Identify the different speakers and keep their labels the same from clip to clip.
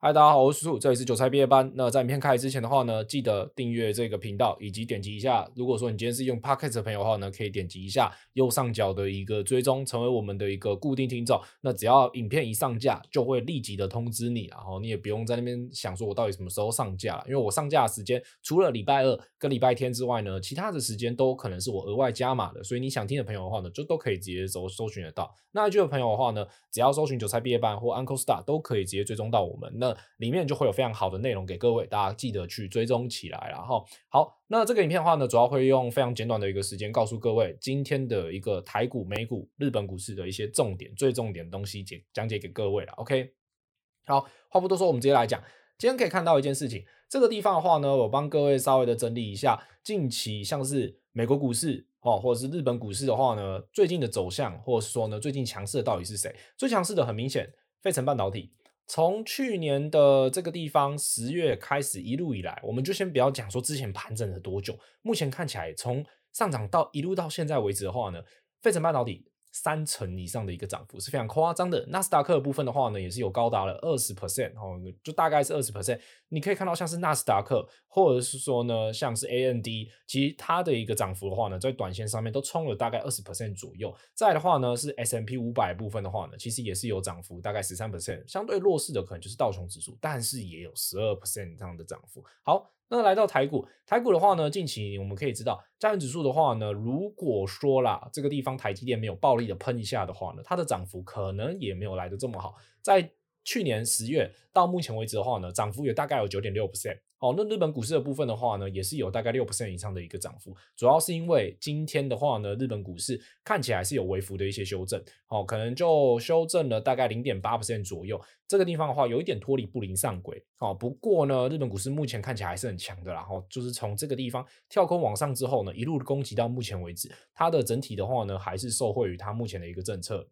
Speaker 1: 嗨，Hi, 大家好，我是叔叔，這裡是韭菜畢業班。那在影片開始之前的話呢，記得訂閱這個頻道以及點擊一下。如果說你今天是用 Pocket 的朋友的話呢，可以點擊一下右上角的一個追蹤，成為我們的一個固定聽眾。那只要影片一上架，就會立即的通知你，然後你也不用在那邊想說我到底什麼時候上架，因為我上架的時間除了禮拜二跟禮拜天之外呢，其他的時間都可能是我額外加碼的，所以你想聽的朋友的話呢，就都可以直接搜搜尋得到。那就有朋友的話呢，只要搜尋韭菜畢業班或 Uncle Stock 都可以直接追蹤到我們。那裡面就會有非常好的內容給各位，大家記得去追蹤起來。然後，好，那這個影片的話呢，主要會用非常簡短的一個時間，告訴各位今天的一個台股、美股、日本股市的一些重點、最重點的東西解講解給各位了。OK，好，話不多說，我們直接來講。今天可以看到一件事情，這個地方的話呢，我幫各位稍微的整理一下近期像是美國股市哦，或者是日本股市的話呢，最近的走向，或者說呢，最近強勢的到底是誰？最強勢的很明顯，費城半導體。從去年的這個地方十月開始一路以來，我們就先不要講說之前盤整了多久，目前看起來從上漲到一路到現在為止的話呢，費城半導體。三成以上的一個漲幅是非常誇張的。納斯達克的部分的話呢，也是有高達了二十 percent，哦，就大概是二十 percent。你可以看到，像是納斯達克，或者是說呢，像是 AMD，其他它的一個漲幅的話呢，在短線上面都衝了大概二十 percent 左右。再的話呢，是 S&P 五百部分的話呢，其實也是有漲幅，大概十三 percent。相對弱勢的可能就是道瓊指數，但是也有十二 percent 這樣的漲幅。好。那來到台股，台股的話呢，近期我們可以知道，加權指數的話呢，如果說啦，這個地方台積電沒有暴力的噴一下的話呢，它的漲幅可能也沒有來得這麼好。在去年十月到目前為止的話呢，漲幅也大概有九點六 percent。好、哦，那日本股市的部分的話呢，也是有大概六%以上的一個漲幅，主要是因為今天的話呢，日本股市看起來是有微幅的一些修正，哦，可能就修正了大概零點八%左右，這個地方的話有一點脫離布林上軌，哦，不過呢，日本股市目前看起來還是很強的啦，然、哦、後就是從這個地方跳空往上之後呢，一路攻擊到目前為止，它的整體的話呢，還是受惠於它目前的一個政策。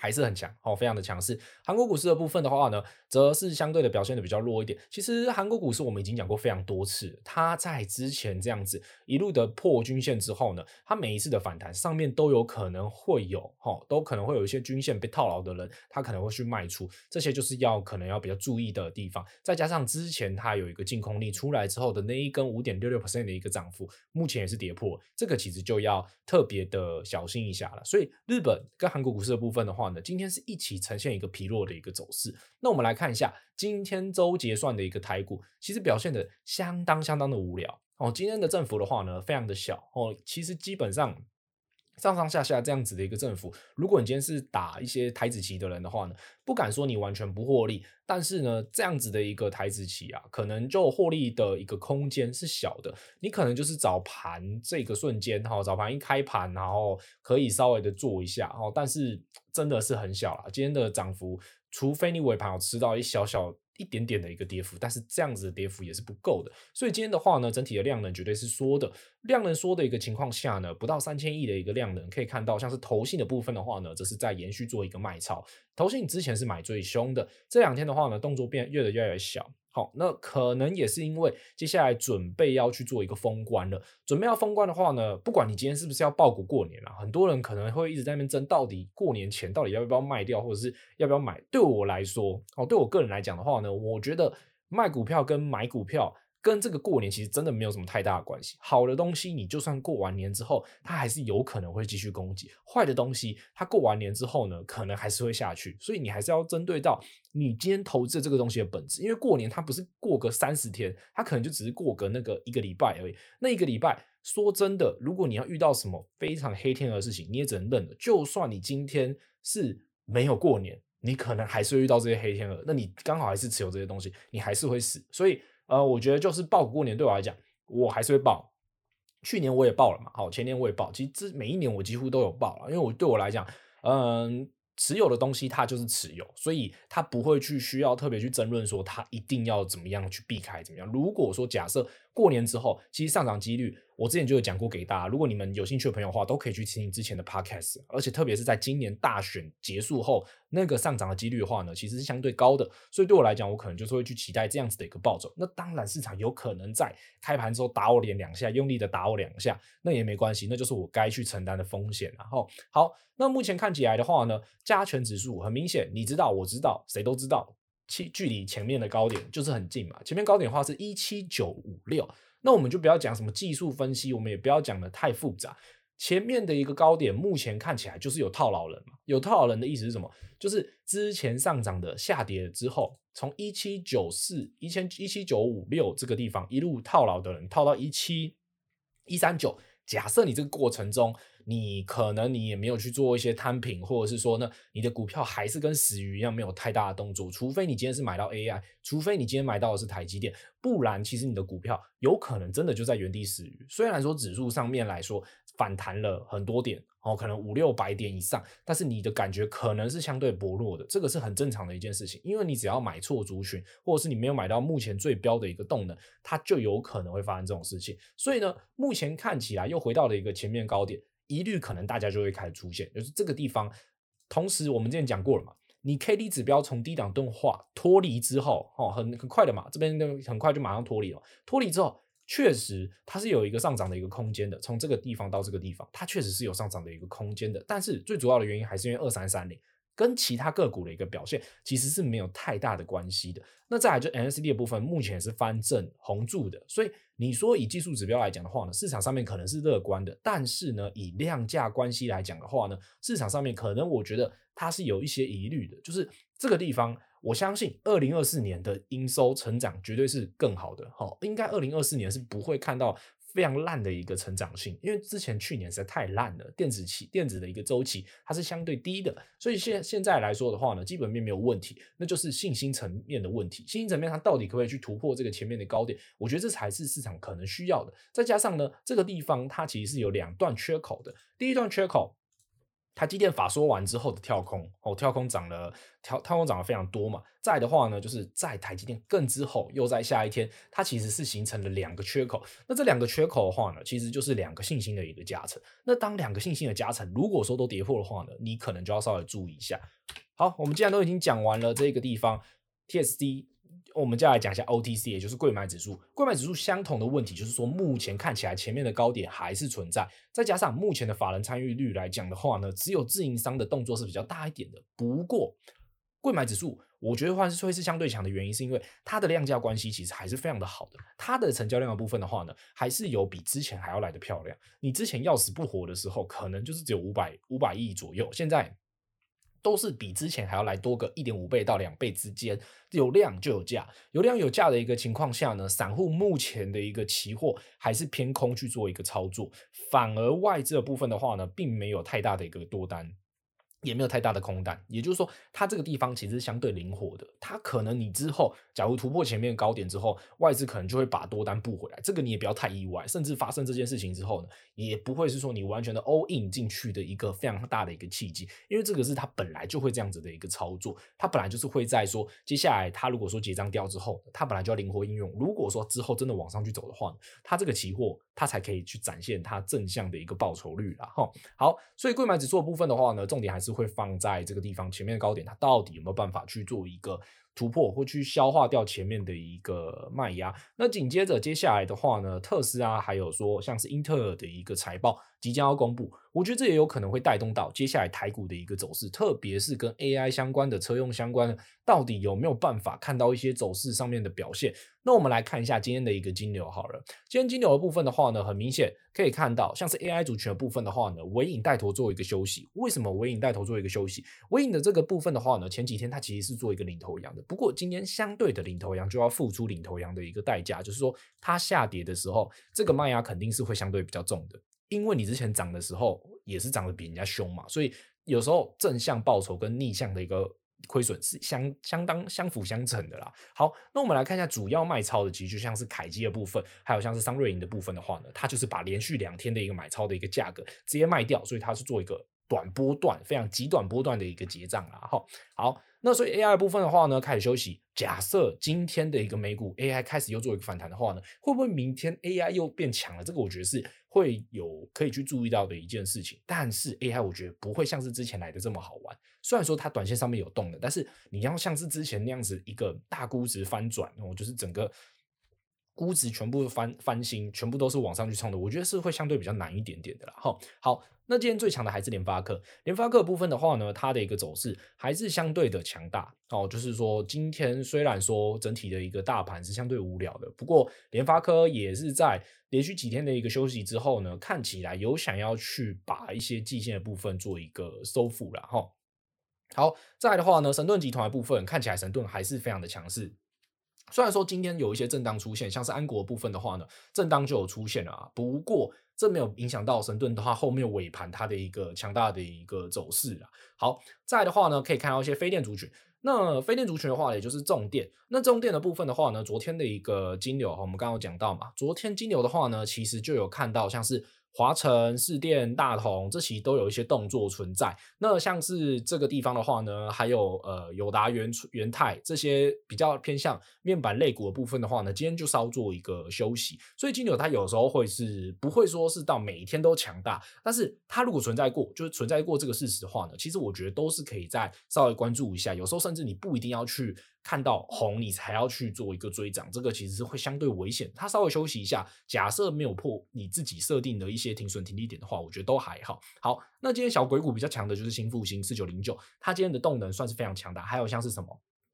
Speaker 1: 還是很強哦，非常的強勢。韓國股市的部分的話呢，則是相對的表現的比較弱一點。其實韓國股市我們已經講過非常多次，它在之前這樣子一路的破均線之後呢，它每一次的反彈上面都有可能會有哈，都可能會有一些均線被套牢的人，他可能會去賣出，這些就是要可能要比較注意的地方。再加上之前它有一個禁空令出來之後的那一根五點六六 percent 的一個漲幅，目前也是跌破，這個其實就要特別的小心一下了。所以日本跟韓國股市的部分的話呢，今天是一起呈現一個疲弱的一個走勢。那我們來看一下今天周結算的一個台股，其實表現的相當相當的無聊哦。今天的振幅的話呢，非常的小哦。其實基本上。上上下下這樣子的一個振幅，如果你今天是打一些台指期的人的話呢，不敢說你完全不獲利，但是呢，這樣子的一個台指期啊，可能就獲利的一個空間是小的。你可能就是早盤這個瞬間哈，早盤一開盤，然後可以稍微的做一下哦，但是真的是很小了。今天的漲幅，除非你尾盤有吃到一小小，一點點的一個跌幅，但是這樣子的跌幅也是不夠的，所以今天的話呢，整體的量能絕對是縮的，量能縮的一個情況下呢，不到三千億的一個量能，可以看到像是投信的部分的話呢，則是在延續做一個賣超，投信之前是買最凶的，這兩天的話呢，動作變越來越來越小。那可能也是因為接下來準備要去做一個封關了。準備要封關的話呢，不管你今天是不是要抱股過年啊，很多人可能會一直在那邊爭，到底過年前到底要不要賣掉，或者是要不要買。對我來說，哦，對我個人來講的話呢，我覺得賣股票跟買股票，跟這個過年其實真的沒有什麼太大的關係。好的東西，你就算過完年之後，它還是有可能會繼續攻擊；壞的東西，它過完年之後呢，可能還是會下去。所以你還是要針對到你今天投資這個東西的本質，因為過年它不是過個三十天，它可能就只是過個那個一個禮拜而已。那一個禮拜，說真的，如果你要遇到什麼非常黑天鵝的事情，你也只能認了。就算你今天是沒有過年，你可能還是會遇到這些黑天鵝，那你剛好還是持有這些東西，你還是會死。所以。呃，我覺得就是報股過年對我來講，我還是會報。去年我也報了嘛，好，前年我也報。其實這每一年我幾乎都有報了，因為我對我來講，嗯、呃，持有的東西它就是持有，所以它不會去需要特別去爭論說它一定要怎麼樣去避開怎麼樣。如果說假設。過年之後，其實上漲幾率，我之前就有講過給大家。如果你們有興趣的朋友的話，都可以去聽聽之前的 podcast。而且特別是在今年大選結束後，那個上漲的幾率的話呢，其實是相對高的。所以對我來講，我可能就是會去期待這樣子的一個暴走。那當然，市場有可能在開盤之後打我臉兩下，用力的打我兩下，那也沒關係，那就是我該去承擔的風險。然後，好，那目前看起來的話呢，加權指數很明顯，你知道，我知道，誰都知道。距距離前面的高點就是很近嘛，前面高點的話是一七九五六，那我們就不要講什麼技術分析，我們也不要講得太複雜。前面的一個高點，目前看起來就是有套牢人嘛，有套牢人的意思是什麼？就是之前上漲的下跌之後，從一七九四一千一七九五六這個地方一路套牢的人套到一七一三九，假設你這個過程中。你可能你也沒有去做一些攤平，或者是說呢，你的股票還是跟死魚一樣沒有太大的動作。除非你今天是買到 AI，除非你今天買到的是台積電，不然其實你的股票有可能真的就在原地死魚。雖然說指數上面來說反彈了很多點，哦，可能五六百點以上，但是你的感覺可能是相對薄弱的，這個是很正常的一件事情。因為你只要買錯族群，或者是你沒有買到目前最標的一個動能，它就有可能會發生這種事情。所以呢，目前看起來又回到了一個前面高點。疑慮可能大家就會開始出現，就是這個地方。同時我們之前講過了嘛，你 KD 指標從低檔鈍化脫離之後，哦，很很快的嘛，這邊很快就馬上脫離了。脫離之後，確實它是有一個上漲的一個空間的。從這個地方到這個地方，它確實是有上漲的一個空間的。但是最主要的原因還是因為二三三零。跟其他個股的一個表現其實是沒有太大的關係的。那再來就 N S D 的部分，目前也是翻正紅柱的，所以你說以技術指標來講的話呢，市場上面可能是樂觀的，但是呢，以量價關係來講的話呢，市場上面可能我覺得它是有一些疑慮的。就是這個地方，我相信二零二四年的營收成長絕對是更好的。好，應該二零二四年是不會看到非常爛的一個成長性，因為之前去年實在太爛了，電子期電子的一個週期它是相對低的，所以現現在來說的話呢，基本面沒有問題，那就是信心層面的問題，信心層面它到底可不可以去突破這個前面的高點？我覺得這才是市場可能需要的，再加上呢，這個地方它其實是有兩段缺口的，第一段缺口，台積電法說完之後的跳空，哦，跳空漲了，跳跳空漲得非常多嘛。再的話呢，就是在台積電更之後，又在下一天，它其實是形成了兩個缺口。那這兩個缺口的話呢，其實就是兩個信心的一個加成。那當兩個信心的加成，如果說都跌破的話呢，你可能就要稍微注意一下。好，我們既然都已經講完了這個地方，TSD。我們接下來講一下 OTC，也就是櫃買指數。櫃買指數相同的問題，就是說目前看起來前面的高點還是存在。再加上目前的法人參與率來講的話呢，只有自營商的動作是比較大一點的。不過，櫃買指數，我覺得話是會是相對強的原因，是因為它的量價關係其實還是非常的好的。它的成交量的部分的話呢，還是有比之前還要來得漂亮。你之前要死不活的時候，可能就是只有五百五百億左右，現在。都是比之前還要來多個一點五倍到兩倍之間，有量就有價，有量有價的一個情況下呢，散戶目前的一個期貨還是偏空去做一個操作，反而外資的部分的話呢，並沒有太大的一個多單。也沒有太大的空單，也就是說，它這個地方其實相對靈活的。它可能你之後，假如突破前面的高點之後，外資可能就會把多單補回來，這個你也不要太意外。甚至發生這件事情之後呢，也不會是說你完全的 all in 進去的一個非常大的一個契機，因為這個是它本來就會這樣子的一個操作。它本來就是會在說，接下來它如果說結賬掉之後，它本來就要靈活應用。如果說之後真的往上去走的話呢，它這個期貨它才可以去展現它正向的一個報酬率啦哈。好，所以櫃買指數的部分的話呢，重點還是。是會放在這個地方前面的高點，它到底有沒有辦法去做一個突破，或去消化掉前面的一個賣壓，那緊接着接下來的話呢，特斯拉還有說像是英特爾的一個財報即將要公布，我覺得這也有可能會帶動到接下來台股的一個走勢，特別是跟 AI 相關的、車用相關到底有沒有辦法看到一些走勢上面的表現？那我們來看一下今天的一個金牛好了，今天金牛的部分的話呢，很明顯可以看到像是 AI 族群的部分的話呢，緯穎帶頭做一個休息，為什麼緯穎帶頭做一個休息？緯穎的這個部分的話呢，前幾天它其實是做一個領頭羊的。不過今天相對的領頭羊就要付出領頭羊的一個代價，就是說它下跌的時候，這個賣壓肯定是會相對比較重的，因為你之前漲的時候也是漲得比人家兇嘛，所以有時候正向報酬跟逆向的一個虧損是相相當相輔相成的啦。好，那我們來看一下主要賣超的，其實就像是凱基的部分，還有像是商瑞銀的部分的話呢，它就是把連續兩天的一個買超的一個價格直接賣掉，所以它是做一個。短波段非常極短波段的一個結賬啦。哈，好，那所以 AI 的部分的話呢，開始休息。假設今天的一個美股 AI 開始又做一個反彈的話呢，會不會明天 AI 又變強了？這個我覺得是會有可以去注意到的一件事情。但是 AI 我覺得不會像是之前來的這麼好玩。雖然說它短線上面有動的，但是你要像是之前那樣子一個大估值翻轉，我就是整個估值全部翻翻新，全部都是往上去衝的，我覺得是會相對比較難一點點的了哈。好。那今天最強的還是聯發科，聯發科的部分的話呢，它的一個走勢還是相對的強大哦。就是說，今天雖然說整體的一個大盤是相對無聊的，不過聯發科也是在連續幾天的一個休息之後呢，看起來有想要去把一些季線的部分做一個收復了哈。好，再來的話呢，神盾集團的部分看起來神盾還是非常的強勢。雖然說今天有一些震盪出現，像是安國的部分的話呢，震盪就有出現了啊。不過這沒有影響到神盾的話，後面尾盤它的一個強大的一個走勢啊。好，再的話呢，可以看到一些非電族群。那非電族群的話呢，也就是重電。那重電的部分的話呢，昨天的一個金牛，我們剛有講到嘛。昨天金牛的話呢，其實就有看到像是。華晨、四電、大同這些都有一些動作存在。那像是這個地方的話呢，還有呃友達、元元泰這些比較偏向面板肋骨的部分的話呢，今天就稍做一個休息。所以金牛它有時候會是不會說是到每一天都強大，但是它如果存在過，就是存在過這個事實的話呢，其實我覺得都是可以再稍微關注一下。有時候甚至你不一定要去。看到紅，你才要去做一個追漲，這個其實是會相對危險。它稍微休息一下，假設沒有破你自己設定的一些停損、停利點的話，我覺得都還好。好，那今天小鬼股比較強的就是新復興四九零九，它今天的動能算是非常強大。還有像是什麼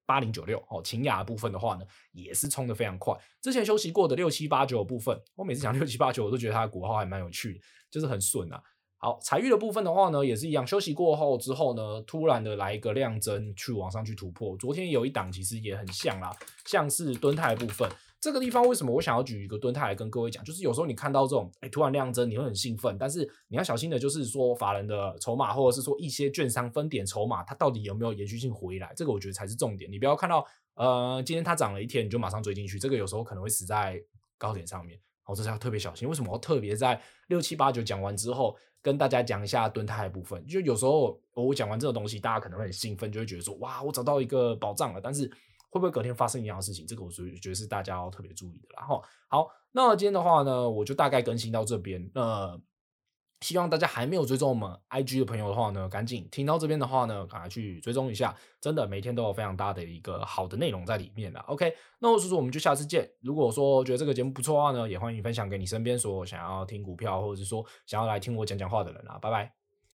Speaker 1: 八零九六哦，擎亞的部分的話呢，也是衝得非常快。之前休息過的六七八九的部分，我每次講六七八九，我都覺得它的股號還蠻有趣的，就是很順啊。好，彩玉的部分的話呢，也是一樣。休息過後之後呢，突然的來一個量增，去往上去突破。昨天有一檔，其實也很像啦，像是敦泰的部分。這個地方為什麼我想要舉一個敦泰來跟各位講？就是有時候你看到這種，欸、突然量增，你會很興奮，但是你要小心的，就是說法人的籌碼，或者是說一些券商分點籌碼，它到底有沒有延續性回來？這個我覺得才是重點。你不要看到，呃，今天它漲了一天，你就馬上追進去，這個有時候可能會死在高點上面。好、哦、這是要特別小心。為什麼要特別在六七八九講完之後？跟大家講一下蹲台的部分，就有時候我講完這個東西，大家可能會很興奮，就會覺得說哇，我找到一個寶藏了。但是會不會隔天發生一樣的事情？這個我是覺得是大家要特別注意的啦。然後好，那今天的話呢，我就大概更新到這邊。呃希望大家還沒有追蹤我們 IG 的朋友的話呢，趕緊聽到這邊的話呢，趕快去追蹤一下，真的每天都有非常大的一個好的內容在裡面啦 OK，那我叔叔我們就下次見。如果說覺得這個節目不錯的話呢，也歡迎分享給你身邊所有想要聽股票或者是說想要來聽我講講話的人啊，拜拜。